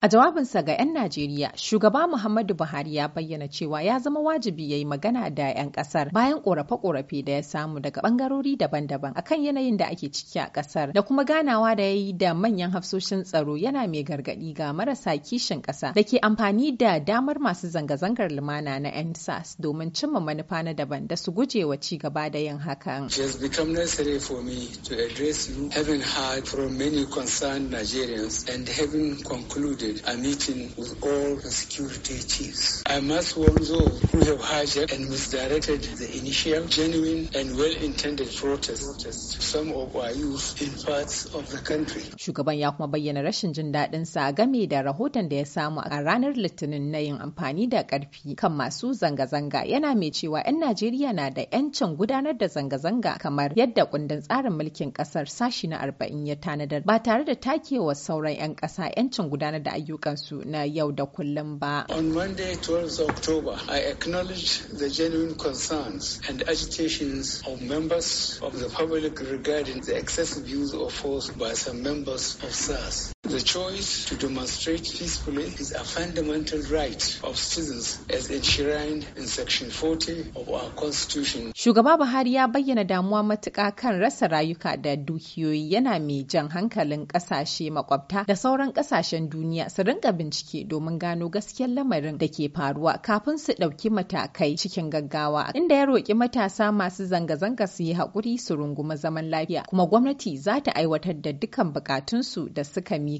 A jawabinsa ga 'yan Najeriya, shugaba Muhammadu Buhari ya bayyana cewa ya zama wajibi ya yi magana da 'yan ƙasar. bayan korafe-korafe da ya samu daga ɓangarori daban-daban akan yanayin da ake ciki a ƙasar, da kuma ganawa da ya yi da manyan hafsoshin tsaro yana mai gargaɗi ga marasa kishin ƙasa, da ke amfani da damar masu zanga-zangar lumana na 'yan sas domin cimma manufa na daban da su guje wa ci gaba da yin hakan. It has become to address you having heard from many concerned Nigerians and having concluded a meeting with all the security chiefs. I must warn those who have hijacked and misdirected the initial, genuine, and well-intended protest to some of our youth in parts of the country. Shugaban ya kuma bayyana rashin jin daɗin sa game da rahoton da ya samu a ranar Litinin na yin amfani da ƙarfi kan masu zanga-zanga yana mai cewa 'yan Najeriya na da 'yancin gudanar da zanga-zanga kamar yadda kundin tsarin mulkin ƙasar sashi na 40 ya tanadar ba tare da takewa sauran 'yan ƙasa 'yancin gudanar da ayyukansu na yau da kullum ba. On Monday 12 October, I acknowledge the genuine concerns and agitations of members of the public regarding the excessive use of force by some members of SARS. The choice to demonstrate peacefully is a fundamental right of citizens as enshrined in Section 40 of our Constitution. Shugaba Buhari ya bayyana damuwa matuƙa kan rasa rayuka da dukiyoyi yana mai jan hankalin ƙasashe makwabta da sauran ƙasashen duniya su rinka bincike domin gano gaskiyar lamarin da ke faruwa kafin su ɗauki matakai cikin gaggawa inda ya roƙi matasa masu zanga-zanga su yi haƙuri su runguma zaman lafiya kuma gwamnati za ta aiwatar da dukkan buƙatunsu da suka mi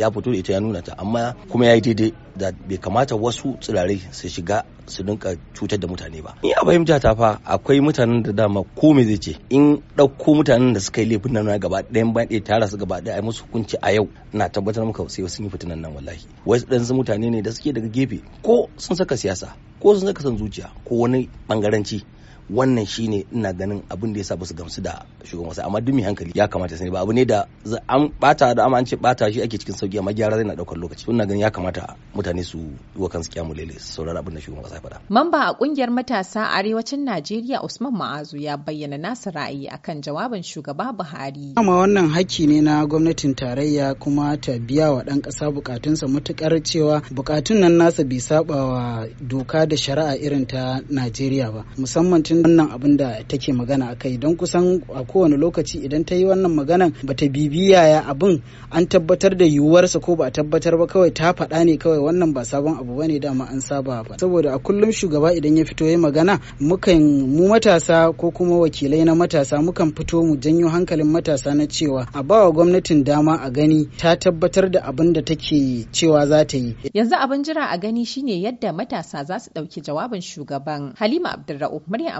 ya fito da ita ya nuna ta amma kuma ya yi daidai da bai kamata wasu tsirarai su shiga su dinka cutar da mutane ba in a fahimta ta fa akwai mutanen da dama ko me zai ce in ɗauko mutanen da suka yi laifin nan gaba ɗayan ban ɗaya tara su gaba ɗaya musu hukunci a yau na tabbatar maka sai sun yi fitinan nan wallahi wasu ɗansu mutane ne da suke daga gefe ko sun saka siyasa ko sun saka son zuciya ko wani ɓangaranci wannan shine ina ganin abin da yasa ba su gamsu da shugaban kasa amma duk mai hankali ya kamata sani ba abu ne da an bata da amma an ce bata shi ake cikin sauki amma gyara zai na daukar lokaci ina ganin ya kamata mutane su yi wa kansu kyamu lele su saurari abin da shugaban kasa faɗa mamba a kungiyar matasa arewacin Najeriya Usman Ma'azu ya bayyana nasa ra'ayi akan jawabin shugaba Buhari amma wannan haƙƙi ne na gwamnatin tarayya kuma ta biya wa ɗan ƙasa buƙatunsa matuƙar cewa bukatun nan nasa bai sabawa wa doka da shari'a irin ta Najeriya ba musamman tun wannan abin da take magana a kai don kusan a kowane lokaci idan ta yi wannan maganan bata bibiya ya abin an tabbatar da yiwuwarsa ko ba a tabbatar ba kawai ta faɗa ne kawai wannan ba sabon abu ba ne dama an saba ba saboda a kullum shugaba idan ya fito ya magana mukan mu matasa ko kuma wakilai na matasa mukan fito mu janyo hankalin matasa na cewa a bawa gwamnatin dama a gani ta tabbatar da abin da take cewa za ta yi yanzu abin jira a gani shine yadda matasa za su ɗauki jawabin shugaban halima abdulra'uf murya